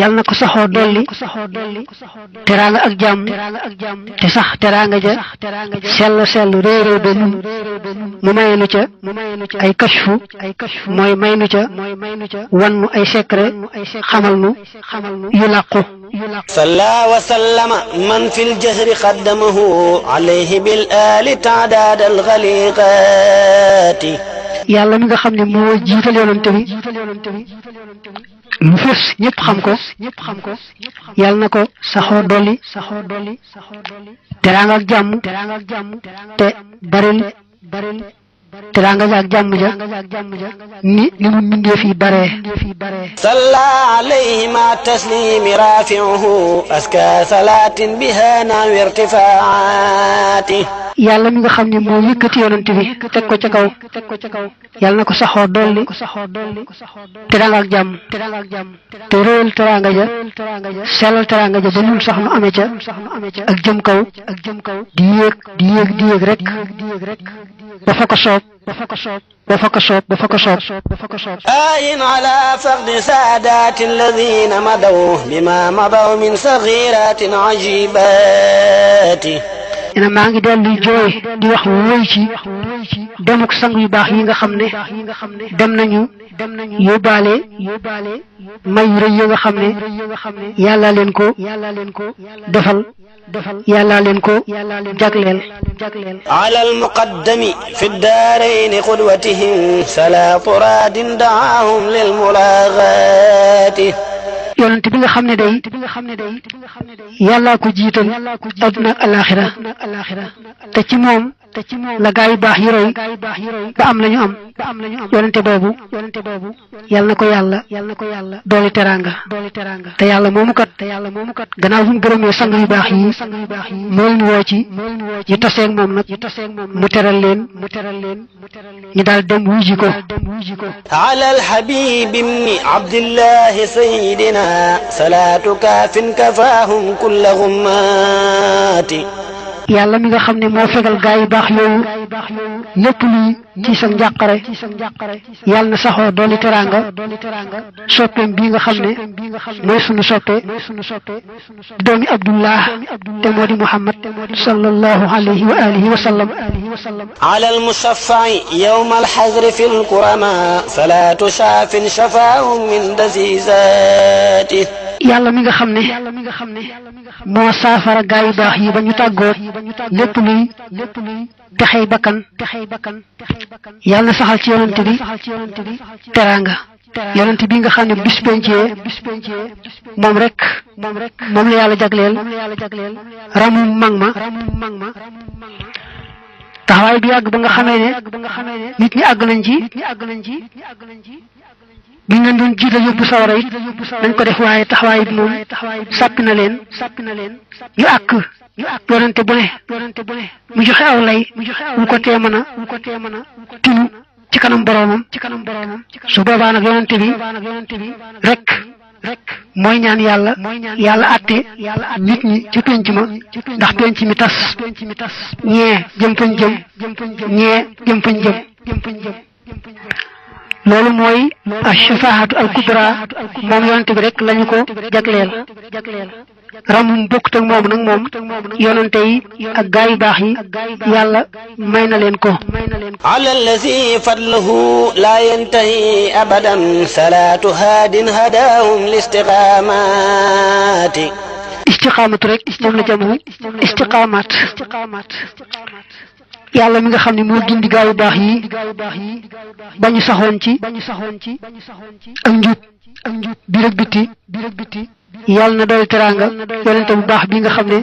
yàlla na ko saxoo dolli teraanga ak jàmm te sax teraanga ja sell sell réeréew ba mu mu may nu ca ay kashfu mooy may nu ca wan nu ay secret xamal nu yu làqu يلقى صلى وسلم من في الجهر قدمه عليه بالآل تعداد الغليقات yàlla mi nga xam ne moo jiital yonent bi mu fës ñëpp xam ko yàlla na ko saxoo dolli teraanga ak jàmm te baril teraanga ja ak jàmm ja ni li mu mbindee fii bare salla alayhi ma taslimi rafiuhu aska salaatin biha nawi irtifaati yàlla mi nga xam ne moo yëkkati yonent bi teg ko ca kaw yàlla na ko saxoo dolli teraanga ak jàmm te réel teraanga ja sellal teraanga ja ba nun sax nu amee ca ak jëm kaw di yéeg di yéeg di yéeg rek dafa ko soob soob dafa ko soob dafa ko soob dafa ko soob dafa ko soob ayin ala faqdi saadaati alladina madaw bima madaw min saxiratin ajibaati ina maa ngi dellu jooy di wax wóoy ci demuk sang yu baax yi nga xam ne dem nañu dem nañu yóbbaale yóbbaale may yu rëy yi nga xam ne yàllaa leen ko yàllaa leen ko defal defal yàllaa leen ko jagleel jagleel ala almuqaddami fi daarayni qudwatihim sala turadin daahum lil mulaaxaati yonent bi nga xam ne day yàllaa ko jiital adduna ak alaxira te ci moom te ci moom la gaa yu baax yi roy ba am la ñu am yonente boobu yal na ko yàlla dooli teraanga te yàlla moomu kat gannaaw bu mu gërëmee sang yu baax yi moo leen woo ci yu taseeg moom nag mu teral leen ñu daal dem wuuji ko ala alxabib ibni abdillahi sayidina salaatu kaafin kafaahum kulla gummaati yàlla mi nga xam ne moo fegal gaa yu baax yooyu lépp luy ci sa njàqare yàlla na saxoo dooli teraanga soppeem bii nga xam ne mooy sunu soppe doomi abdullah te moo di muhammad sallallahu alayhi wa alihi wa sallam ala almusaffai yawma alxazri fi lkurama fala tusaafin shafaahum min dasiisaati yàlla mi nga xam ne moo saafara gaa yu baax yi ba ñu tàggoo lépp luy texey bakkan texey bakkan yàlla na saxal ci yonent bi teraanga yonent bi nga xam ne bis pencee bis pencee moom rek moom rek moom la yàlla jagleel ramu mag ma taxawaay bi yàgg ba nga xamee ne nit ñi àgg nañ ci bi ñu leen doon jiital yóbbu sawara it nañ ko def waaye taxawaay bi moom sàppi na leen ñu àkk ñu ak yorante bu ne mu joxe aw lay mu ko tee mën a timu ci kanam boroomam su boobaa nag yonante bi rek mooy ñaan yàlla yàlla àtte nit ñi ci penc ma ndax penc mi tas ñee jëm fañ jëm ñee jëm fañ jëm loolu mooy ashafaahatu al kubra moom yonante bi rek lañu ko jagleel ramum bokkut ak moom nag moom yonente yi ak gaa yu baax yi yàlla may na leen ko ala allazi fadluhu la yantahi abadan salaatu haadin hadaahum listiqaamaati istiqaamatu rek moom la jamu istiqaamaat yàlla mi nga xam ne moo gindi gaa yu baax yi ba ñu saxoon ci ak njub ak njub bi rek biti bi rek biti yàlla na doy teraanga yonente bu baax bi nga xam ne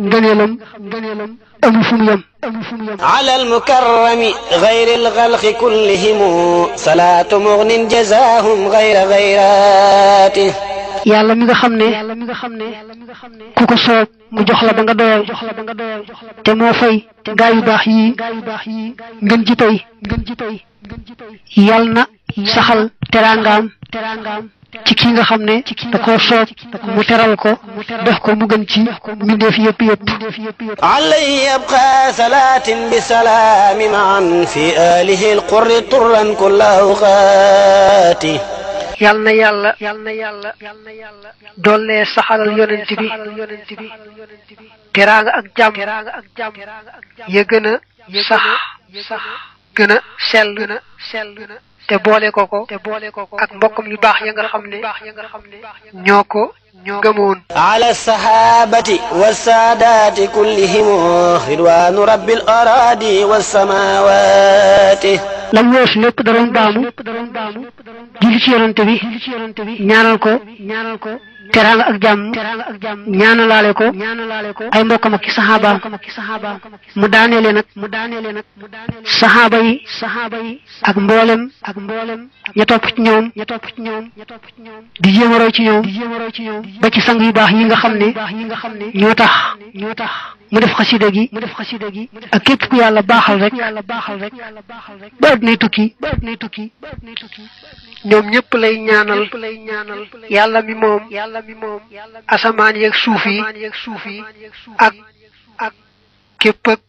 ngëneelam amul fu mu yem ala almukarrami gayri alxalqi kullihim salaatu mugnin jazaahum gayra gayraati yàlla mi nga xam ne ku ko soob mu jox la ba nga doyal te moo fay gaa yu baax yi ngën ji tey yàlla na saxal teraangaam ci ki nga xam ne da koo soob mu teral ko def ko mu gën ci mbindeef yëpp yëpp alay yabqa salaatin bi salaamin an fi alihi alqurri turran kulla awqaati yal na yàlla yal na yàlla doole saxalal yonent bi teraanga ak jàmm ya gën a sax gën a sell gën a sell te boole ko ko ak mbokkam yu baax ya nga xam ne ñoo ko gëmoon ala sahabati wa saadaati kullihim ridwaanu rabbil araadi wa samawaati lañ weesu lépp daroon daamu julli ci yonante bi ñaanal ko ñaanal ko teraanga ak jàmm ñaanalaale ko ay mbokkam ak saxaabaam mu daaneele nag saxaaba yi ak mboolem ña topp ci ñoom di jéem a roy ci ñoom ba ci sang yu baax yi nga xam ne ñoo tax mu def xasida gi ak képp ku yàlla baaxal rek ba at nay tukki ñoom ñëpp lay ñaanal yàlla mi moom mi moom asamaan yeeg suuf yi ak ak képp ak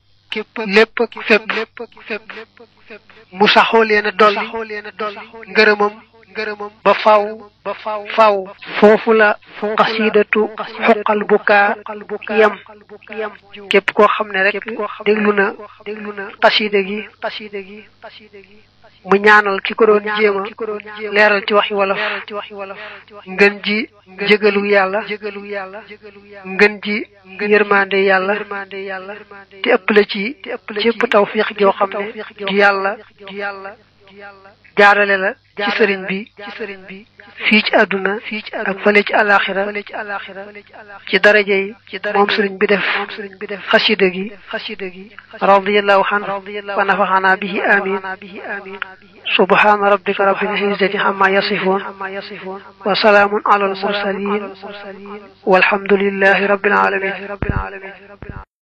lépp ak fépp mu saxoo leen a dolli ngërëmam ngërëmam ba faw ba faw faw foofu la xasiidatu xuqal bukaa yam képp koo xam ne rek déglu na déglu gi mu ñaanal ki ko doon jéema leeral ci waxi wolof ngën ji jégalu yàlla ngën ji yërmande yàlla te ëpp la ci ci ëpp tawfiix joo xam yàlla di yàlla jaarale la ci sëriñ bi ci sëriñ bi fii ci àdduna fii ci ak fële ci alaxira ci alaxira ci daraje yi ci moom sëriñ bi def moom sëriñ bi def xasida gi xasida gi radiyallahu anhu wa nafaxana bihi amin subhana rabbika rabbil izzati amma yasifun wa salaamun ala al mursalin walhamdulillahi rabbil alamin